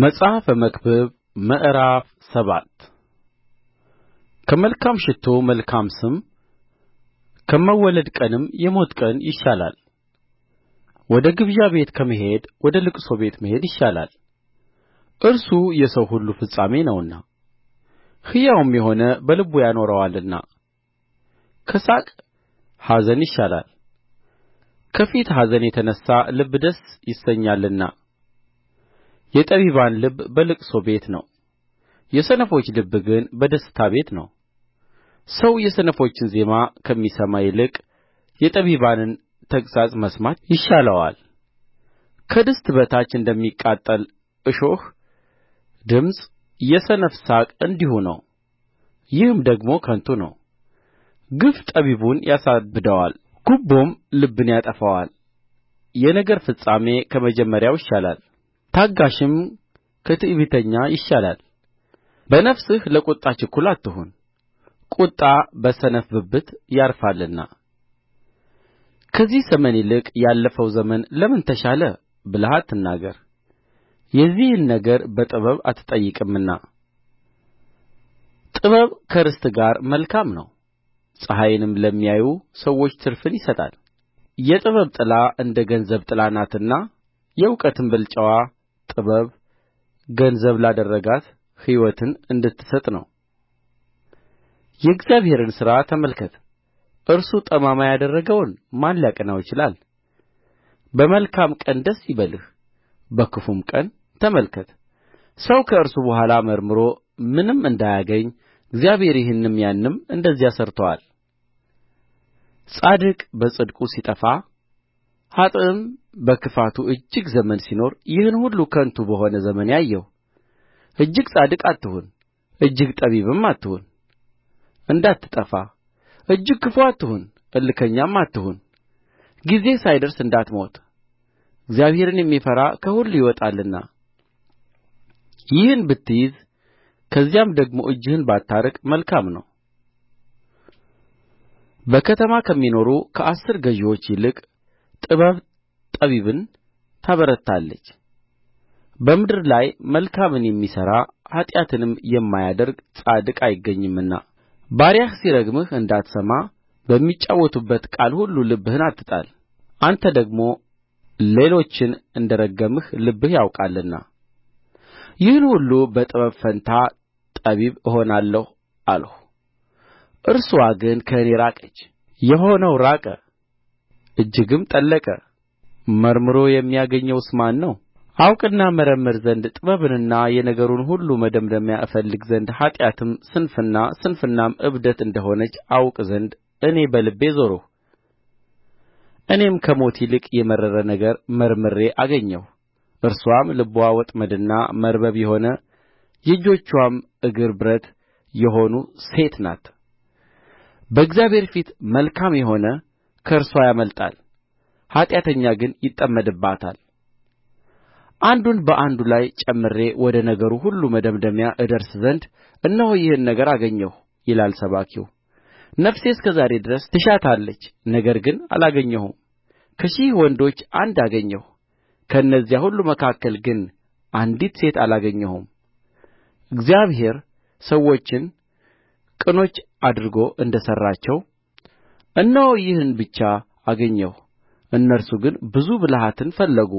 መጽሐፈ መክብብ ምዕራፍ ሰባት ከመልካም ሽቱ መልካም ስም ከመወለድ ቀንም የሞት ቀን ይሻላል። ወደ ግብዣ ቤት ከመሄድ ወደ ልቅሶ ቤት መሄድ ይሻላል፣ እርሱ የሰው ሁሉ ፍጻሜ ነውና ሕያውም የሆነ በልቡ ያኖረዋልና። ከሳቅ ኀዘን ይሻላል፣ ከፊት ኀዘን የተነሣ ልብ ደስ ይሰኛልና የጠቢባን ልብ በልቅሶ ቤት ነው የሰነፎች ልብ ግን በደስታ ቤት ነው ሰው የሰነፎችን ዜማ ከሚሰማ ይልቅ የጠቢባንን ተግሣጽ መስማት ይሻለዋል ከድስት በታች እንደሚቃጠል እሾህ ድምፅ የሰነፍ ሳቅ እንዲሁ ነው ይህም ደግሞ ከንቱ ነው ግፍ ጠቢቡን ያሳብደዋል ጉቦም ልብን ያጠፋዋል የነገር ፍጻሜ ከመጀመሪያው ይሻላል ታጋሽም ከትዕቢተኛ ይሻላል በነፍስህ ለቍጣ ችኩል አትሁን ቍጣ በሰነፍ ብብት ያርፋልና ከዚህ ዘመን ይልቅ ያለፈው ዘመን ለምን ተሻለ ብለህ አትናገር የዚህን ነገር በጥበብ አትጠይቅምና ጥበብ ከርስት ጋር መልካም ነው ፀሐይንም ለሚያዩ ሰዎች ትርፍን ይሰጣል የጥበብ ጥላ እንደ ገንዘብ ጥላ ናትና የእውቀትም ብልጫዋ ጥበብ ገንዘብ ላደረጋት ሕይወትን እንድትሰጥ ነው የእግዚአብሔርን ሥራ ተመልከት እርሱ ጠማማ ያደረገውን ማን ሊያቀናው ይችላል በመልካም ቀን ደስ ይበልህ በክፉም ቀን ተመልከት ሰው ከእርሱ በኋላ መርምሮ ምንም እንዳያገኝ እግዚአብሔር ይህንም ያንም እንደዚያ ሠርቶአል ጻድቅ በጽድቁ ሲጠፋ ኀጥእም በክፋቱ እጅግ ዘመን ሲኖር ይህን ሁሉ ከንቱ በሆነ ዘመኔ አየሁ እጅግ ጻድቅ አትሁን እጅግ ጠቢብም አትሁን እንዳትጠፋ እጅግ ክፉ አትሁን እልከኛም አትሁን ጊዜህ ሳይደርስ እንዳትሞት እግዚአብሔርን የሚፈራ ከሁሉ ይወጣልና ይህን ብትይዝ ከዚያም ደግሞ እጅህን ባታርቅ መልካም ነው በከተማ ከሚኖሩ ከአሥር ገዢዎች ይልቅ ጥበብ ጠቢብን ታበረታለች በምድር ላይ መልካምን የሚሠራ ኃጢአትንም የማያደርግ ጻድቅ አይገኝምና ባሪያህ ሲረግምህ እንዳትሰማ በሚጫወቱበት ቃል ሁሉ ልብህን አትጣል አንተ ደግሞ ሌሎችን እንደ ረገምህ ልብህ ያውቃልና ይህን ሁሉ በጥበብ ፈንታ ጠቢብ እሆናለሁ አልሁ እርስዋ ግን ከእኔ ራቀች የሆነው ራቀ እጅግም ጠለቀ መርምሮ የሚያገኘውስ ማን ነው አውቅና እመረምር ዘንድ ጥበብንና የነገሩን ሁሉ መደምደሚያ እፈልግ ዘንድ ኃጢአትም ስንፍና ስንፍናም እብደት እንደ ሆነች አውቅ ዘንድ እኔ በልቤ ዞርሁ እኔም ከሞት ይልቅ የመረረ ነገር መርምሬ አገኘሁ እርስዋም ልብዋ ወጥመድና መርበብ የሆነ የእጆችዋም እግር ብረት የሆኑ ሴት ናት በእግዚአብሔር ፊት መልካም የሆነ ከእርስዋ ያመልጣል ኃጢአተኛ ግን ይጠመድባታል አንዱን በአንዱ ላይ ጨምሬ ወደ ነገሩ ሁሉ መደምደሚያ እደርስ ዘንድ እነሆ ይህን ነገር አገኘሁ ይላል ሰባኪው ነፍሴ እስከ ዛሬ ድረስ ትሻታለች ነገር ግን አላገኘሁም ከሺህ ወንዶች አንድ አገኘሁ ከእነዚያ ሁሉ መካከል ግን አንዲት ሴት አላገኘሁም እግዚአብሔር ሰዎችን ቅኖች አድርጎ እንደ ሠራቸው እነሆ ይህን ብቻ አገኘሁ እነርሱ ግን ብዙ ብልሃትን ፈለጉ